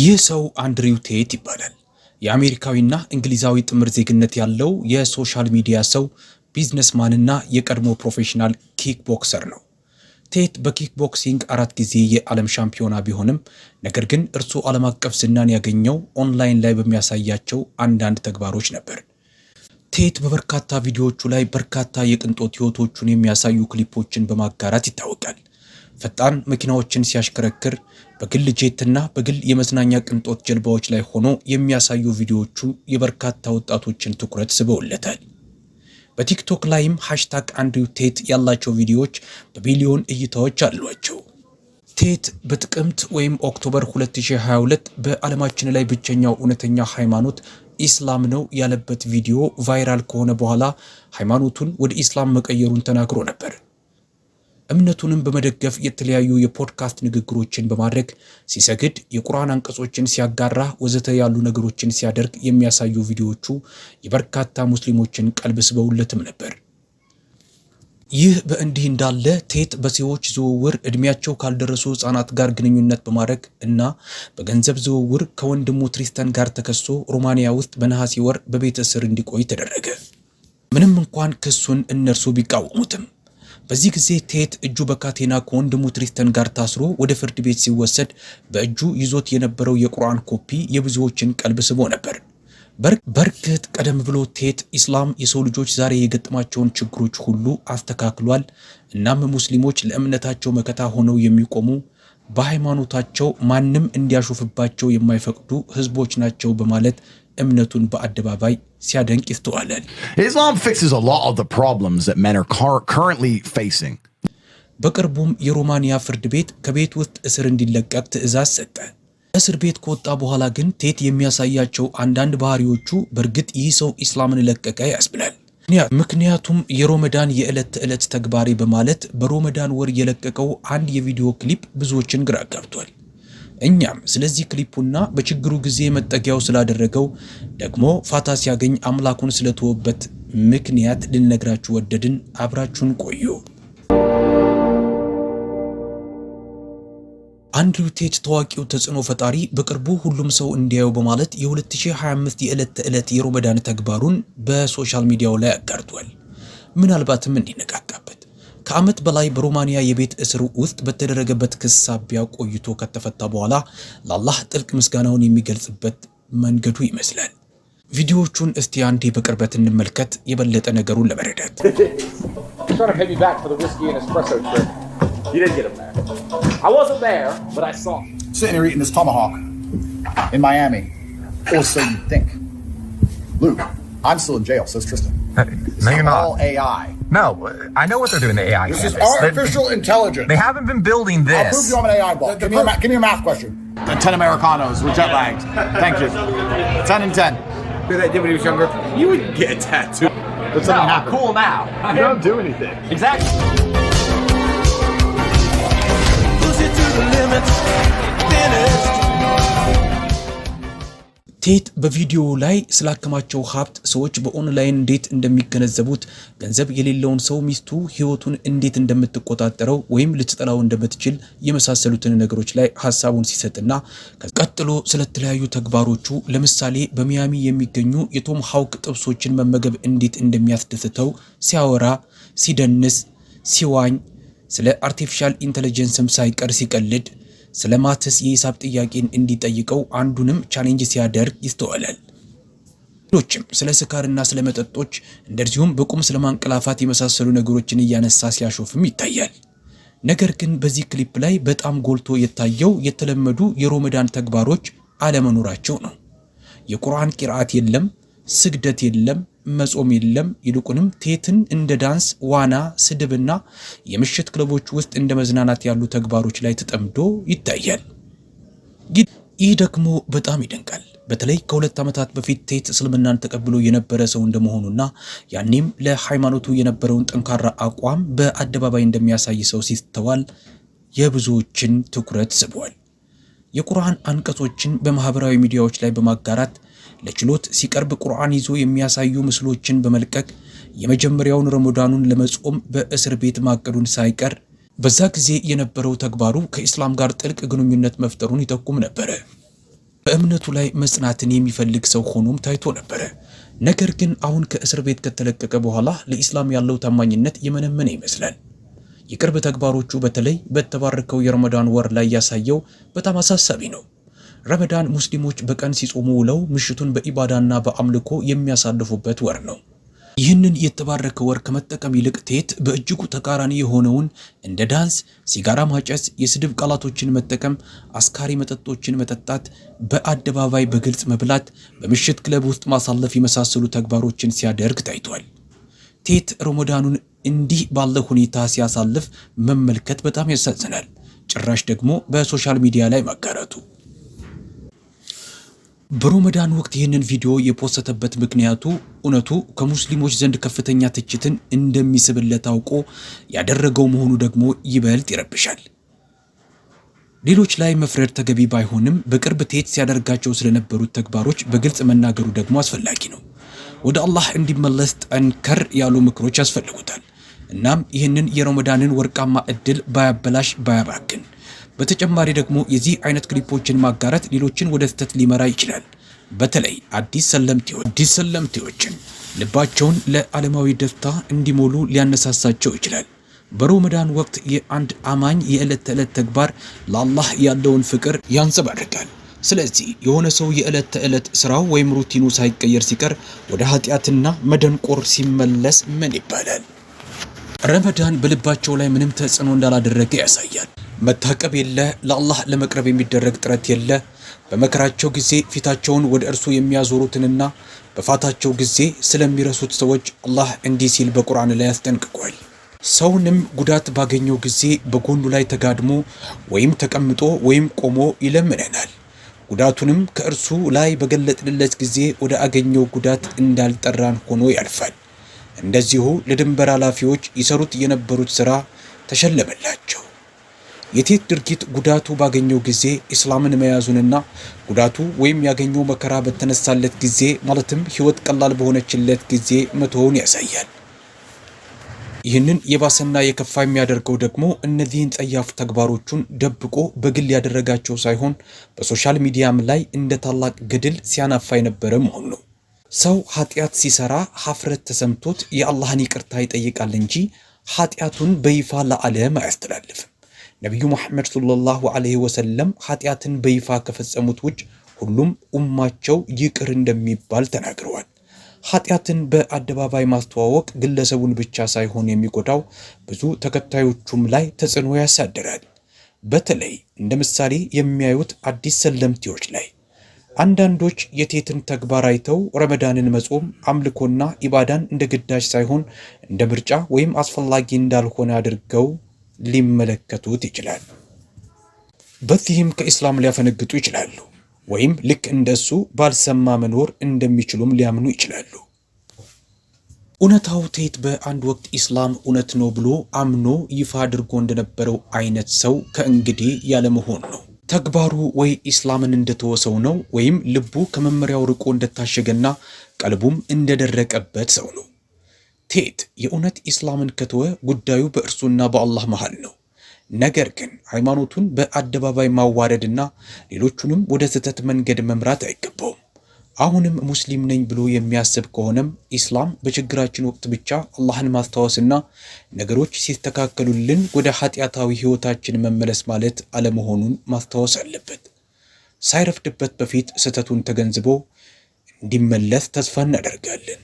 ይህ ሰው አንድሪው ቴት ይባላል። የአሜሪካዊና እንግሊዛዊ ጥምር ዜግነት ያለው የሶሻል ሚዲያ ሰው፣ ቢዝነስማንና የቀድሞ ፕሮፌሽናል ኪክ ቦክሰር ነው። ቴት በኪክ ቦክሲንግ አራት ጊዜ የዓለም ሻምፒዮና ቢሆንም ነገር ግን እርሱ ዓለም አቀፍ ዝናን ያገኘው ኦንላይን ላይ በሚያሳያቸው አንዳንድ ተግባሮች ነበር። ቴት በበርካታ ቪዲዮዎቹ ላይ በርካታ የቅንጦት ሕይወቶቹን የሚያሳዩ ክሊፖችን በማጋራት ይታወቃል። ፈጣን መኪናዎችን ሲያሽከረክር በግል ጄትና በግል የመዝናኛ ቅንጦት ጀልባዎች ላይ ሆኖ የሚያሳዩ ቪዲዮዎቹ የበርካታ ወጣቶችን ትኩረት ስበውለታል። በቲክቶክ ላይም ሃሽታግ አንድሪው ቴት ያላቸው ቪዲዮዎች በቢሊዮን እይታዎች አሏቸው። ቴት በጥቅምት ወይም ኦክቶበር 2022 በዓለማችን ላይ ብቸኛው እውነተኛ ሃይማኖት ኢስላም ነው ያለበት ቪዲዮ ቫይራል ከሆነ በኋላ ሃይማኖቱን ወደ ኢስላም መቀየሩን ተናግሮ ነበር። እምነቱንም በመደገፍ የተለያዩ የፖድካስት ንግግሮችን በማድረግ ሲሰግድ፣ የቁርአን አንቀጾችን ሲያጋራ፣ ወዘተ ያሉ ነገሮችን ሲያደርግ የሚያሳዩ ቪዲዮዎቹ የበርካታ ሙስሊሞችን ቀልብ ስበውለትም ነበር። ይህ በእንዲህ እንዳለ ቴት በሰዎች ዝውውር እድሜያቸው ካልደረሱ ህጻናት ጋር ግንኙነት በማድረግ እና በገንዘብ ዝውውር ከወንድሙ ትሪስተን ጋር ተከሶ ሮማንያ ውስጥ በነሐሴ ወር በቤት እስር እንዲቆይ ተደረገ። ምንም እንኳን ክሱን እነርሱ ቢቃወሙትም በዚህ ጊዜ ቴት እጁ በካቴና ከወንድሙ ትሪስተን ጋር ታስሮ ወደ ፍርድ ቤት ሲወሰድ በእጁ ይዞት የነበረው የቁርአን ኮፒ የብዙዎችን ቀልብ ስቦ ነበር። በእርግጥ ቀደም ብሎ ቴት ኢስላም የሰው ልጆች ዛሬ የገጠማቸውን ችግሮች ሁሉ አስተካክሏል፣ እናም ሙስሊሞች ለእምነታቸው መከታ ሆነው የሚቆሙ በሃይማኖታቸው ማንም እንዲያሾፍባቸው የማይፈቅዱ ህዝቦች ናቸው በማለት እምነቱን በአደባባይ ሲያደንቅ ይስተዋላል። በቅርቡም የሮማንያ ፍርድ ቤት ከቤት ውስጥ እስር እንዲለቀቅ ትዕዛዝ ሰጠ። እስር ቤት ከወጣ በኋላ ግን ቴት የሚያሳያቸው አንዳንድ ባህሪዎቹ በእርግጥ ይህ ሰው ኢስላምን ለቀቀ ያስብላል። ምክንያቱም የሮመዳን የዕለት ተዕለት ተግባሬ በማለት በሮመዳን ወር የለቀቀው አንድ የቪዲዮ ክሊፕ ብዙዎችን ግራ ጋብቷል። እኛም ስለዚህ ክሊፑና በችግሩ ጊዜ መጠጊያው ስላደረገው ደግሞ ፋታ ሲያገኝ አምላኩን ስለተወበት ምክንያት ልንነግራችሁ ወደድን። አብራችሁን ቆዩ። አንድሪው ቴት ታዋቂው ተጽዕኖ ፈጣሪ በቅርቡ ሁሉም ሰው እንዲያየው በማለት የ2025 የዕለት ተዕለት የሮመዳን ተግባሩን በሶሻል ሚዲያው ላይ አጋርቷል። ምናልባትም እንዲነቃቃ ከዓመት በላይ በሮማኒያ የቤት እስር ውስጥ በተደረገበት ክስ ሳቢያ ቆይቶ ከተፈታ በኋላ ለአላህ ጥልቅ ምስጋናውን የሚገልጽበት መንገዱ ይመስላል። ቪዲዮዎቹን እስቲ አንዴ በቅርበት እንመልከት፣ የበለጠ ነገሩን ለመረዳት No, I know what they're doing. The AI. This campus. is artificial they, intelligence. They haven't been building this. I'll prove you I'm an AI bot. Give, give, me a math question. The ten Americanos with jet lagged. Thank you. ten and ten. Did that did when he was younger? You would get tattoo. That's no, i cool now. I don't do anything. Exactly. Push it to the limit. Finished. ቴት በቪዲዮ ላይ ስላከማቸው ሀብት ሰዎች በኦንላይን እንዴት እንደሚገነዘቡት ገንዘብ የሌለውን ሰው ሚስቱ ህይወቱን እንዴት እንደምትቆጣጠረው ወይም ልትጠላው እንደምትችል የመሳሰሉትን ነገሮች ላይ ሀሳቡን ሲሰጥና ቀጥሎ ስለተለያዩ ተግባሮቹ ለምሳሌ በሚያሚ የሚገኙ የቶም ሀውክ ጥብሶችን መመገብ እንዴት እንደሚያስደስተው ሲያወራ፣ ሲደንስ፣ ሲዋኝ ስለ አርቲፊሻል ኢንተለጀንስም ሳይቀር ሲቀልድ ስለ ማትስ የሂሳብ ጥያቄን እንዲጠይቀው አንዱንም ቻሌንጅ ሲያደርግ ይስተዋላል። ሌሎችም ስለ ስካርና ስለ መጠጦች እንደዚሁም በቁም ስለ ማንቀላፋት የመሳሰሉ ነገሮችን እያነሳ ሲያሾፍም ይታያል። ነገር ግን በዚህ ክሊፕ ላይ በጣም ጎልቶ የታየው የተለመዱ የሮመዳን ተግባሮች አለመኖራቸው ነው። የቁርአን ቂርአት የለም። ስግደት የለም፣ መጾም የለም። ይልቁንም ቴትን እንደ ዳንስ፣ ዋና፣ ስድብና የምሽት ክለቦች ውስጥ እንደ መዝናናት ያሉ ተግባሮች ላይ ተጠምዶ ይታያል። ይህ ደግሞ በጣም ይደንቃል። በተለይ ከሁለት ዓመታት በፊት ቴት እስልምናን ተቀብሎ የነበረ ሰው እንደመሆኑና ያኔም ለሃይማኖቱ የነበረውን ጠንካራ አቋም በአደባባይ እንደሚያሳይ ሰው ሲስተዋል የብዙዎችን ትኩረት ስቧል። የቁርአን አንቀጾችን በማህበራዊ ሚዲያዎች ላይ በማጋራት ለችሎት ሲቀርብ ቁርአን ይዞ የሚያሳዩ ምስሎችን በመልቀቅ የመጀመሪያውን ረመዳኑን ለመጾም በእስር ቤት ማቀዱን ሳይቀር በዛ ጊዜ የነበረው ተግባሩ ከኢስላም ጋር ጥልቅ ግንኙነት መፍጠሩን ይጠቁም ነበረ። በእምነቱ ላይ መጽናትን የሚፈልግ ሰው ሆኖም ታይቶ ነበረ። ነገር ግን አሁን ከእስር ቤት ከተለቀቀ በኋላ ለኢስላም ያለው ታማኝነት የመነመነ ይመስላል። የቅርብ ተግባሮቹ በተለይ በተባረከው የረመዳን ወር ላይ ያሳየው በጣም አሳሳቢ ነው። ረመዳን ሙስሊሞች በቀን ሲጾሙ ውለው ምሽቱን በኢባዳና በአምልኮ የሚያሳልፉበት ወር ነው። ይህንን የተባረከ ወር ከመጠቀም ይልቅ ቴት በእጅጉ ተቃራኒ የሆነውን እንደ ዳንስ፣ ሲጋራ ማጨስ፣ የስድብ ቃላቶችን መጠቀም፣ አስካሪ መጠጦችን መጠጣት፣ በአደባባይ በግልጽ መብላት፣ በምሽት ክለብ ውስጥ ማሳለፍ የመሳሰሉ ተግባሮችን ሲያደርግ ታይቷል። ቴት ረመዳኑን እንዲህ ባለ ሁኔታ ሲያሳልፍ መመልከት በጣም ያሳዝናል። ጭራሽ ደግሞ በሶሻል ሚዲያ ላይ ማጋራቱ በሮመዳን ወቅት ይህንን ቪዲዮ የፖሰተበት ምክንያቱ እውነቱ ከሙስሊሞች ዘንድ ከፍተኛ ትችትን እንደሚስብለት አውቆ ያደረገው መሆኑ ደግሞ ይበልጥ ይረብሻል። ሌሎች ላይ መፍረድ ተገቢ ባይሆንም በቅርብ ቴት ሲያደርጋቸው ስለነበሩት ተግባሮች በግልጽ መናገሩ ደግሞ አስፈላጊ ነው። ወደ አላህ እንዲመለስ ጠንከር ያሉ ምክሮች ያስፈልጉታል። እናም ይህንን የረመዳንን ወርቃማ እድል ባያበላሽ ባያባክን። በተጨማሪ ደግሞ የዚህ አይነት ክሊፖችን ማጋራት ሌሎችን ወደ ስህተት ሊመራ ይችላል። በተለይ አዲስ ሰለምቴዎችን ልባቸውን ለዓለማዊ ደስታ እንዲሞሉ ሊያነሳሳቸው ይችላል። በሮመዳን ወቅት የአንድ አማኝ የዕለት ተዕለት ተግባር ለአላህ ያለውን ፍቅር ያንጸባርቃል። ስለዚህ የሆነ ሰው የዕለት ተዕለት ስራው ወይም ሩቲኑ ሳይቀየር ሲቀር ወደ ኃጢአትና መደንቆር ሲመለስ ምን ይባላል? ረመዳን በልባቸው ላይ ምንም ተጽዕኖ እንዳላደረገ ያሳያል። መታቀብ የለ፣ ለአላህ ለመቅረብ የሚደረግ ጥረት የለ። በመከራቸው ጊዜ ፊታቸውን ወደ እርሱ የሚያዞሩትንና በፋታቸው ጊዜ ስለሚረሱት ሰዎች አላህ እንዲህ ሲል በቁርአን ላይ አስጠንቅቋል። ሰውንም ጉዳት ባገኘው ጊዜ በጎኑ ላይ ተጋድሞ ወይም ተቀምጦ ወይም ቆሞ ይለምነናል። ጉዳቱንም ከእርሱ ላይ በገለጥንለት ጊዜ ወደ አገኘው ጉዳት እንዳልጠራን ሆኖ ያልፋል። እንደዚሁ ለድንበር ኃላፊዎች ይሰሩት የነበሩት ሥራ ተሸለመላቸው። የቴት ድርጊት ጉዳቱ ባገኘው ጊዜ ኢስላምን መያዙንና ጉዳቱ ወይም ያገኘው መከራ በተነሳለት ጊዜ ማለትም ሕይወት ቀላል በሆነችለት ጊዜ መቶውን ያሳያል። ይህንን የባሰና የከፋ የሚያደርገው ደግሞ እነዚህን ጸያፍ ተግባሮቹን ደብቆ በግል ያደረጋቸው ሳይሆን በሶሻል ሚዲያም ላይ እንደ ታላቅ ገድል ሲያናፋ የነበረ መሆኑ ነው። ሰው ኃጢአት ሲሰራ ሀፍረት ተሰምቶት የአላህን ይቅርታ ይጠይቃል እንጂ ኃጢአቱን በይፋ ለዓለም አያስተላልፍም። ነቢዩ መሐመድ ሰለላሁ ዐለይሂ ወሰለም ኃጢአትን በይፋ ከፈጸሙት ውጭ ሁሉም ኡማቸው ይቅር እንደሚባል ተናግረዋል። ኃጢአትን በአደባባይ ማስተዋወቅ ግለሰቡን ብቻ ሳይሆን የሚጎዳው ብዙ ተከታዮቹም ላይ ተጽዕኖ ያሳድራል። በተለይ እንደ ምሳሌ የሚያዩት አዲስ ሰለምቲዎች ላይ አንዳንዶች የቴትን ተግባር አይተው ረመዳንን መጾም አምልኮና ኢባዳን እንደ ግዳጅ ሳይሆን እንደ ምርጫ ወይም አስፈላጊ እንዳልሆነ አድርገው ሊመለከቱት ይችላል። በዚህም ከኢስላም ሊያፈነግጡ ይችላሉ። ወይም ልክ እንደሱ ባልሰማ መኖር እንደሚችሉም ሊያምኑ ይችላሉ። እውነታው ቴት በአንድ ወቅት ኢስላም እውነት ነው ብሎ አምኖ ይፋ አድርጎ እንደነበረው አይነት ሰው ከእንግዲህ ያለመሆን ነው። ተግባሩ ወይ ኢስላምን እንደተወሰው ነው ወይም ልቡ ከመመሪያው ርቆ እንደታሸገና ቀልቡም እንደደረቀበት ሰው ነው። ቴት የእውነት ኢስላምን ከተወ ጉዳዩ በእርሱና በአላህ መሃል ነው። ነገር ግን ሃይማኖቱን በአደባባይ ማዋረድና ሌሎቹንም ወደ ስህተት መንገድ መምራት አይገባውም። አሁንም ሙስሊም ነኝ ብሎ የሚያስብ ከሆነም ኢስላም በችግራችን ወቅት ብቻ አላህን ማስታወስና ነገሮች ሲስተካከሉልን ወደ ኃጢአታዊ ሕይወታችን መመለስ ማለት አለመሆኑን ማስታወስ አለበት። ሳይረፍድበት በፊት ስህተቱን ተገንዝቦ እንዲመለስ ተስፋ እናደርጋለን።